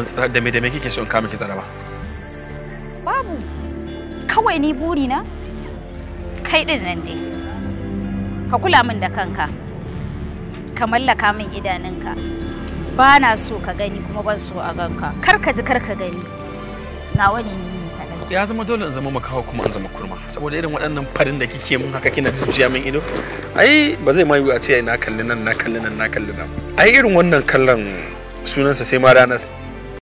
mun tsara da me da me kike so in kama ki tsara ba babu kawai ni buri na kai din nan dai ka kula min da kanka ka mallaka min idanunka ba na so ka gani kuma ban so a ganka kar ka ji kar ka gani ni ne ni ya zama dole in zama makawa kuma in zama kurma saboda irin waɗannan farin da kike mun haka kina zuciya min ido ai ba zai ma yi a ce na kalli nan na kalli nan na kalli nan ai irin wannan kallon sunansa sai ma ranar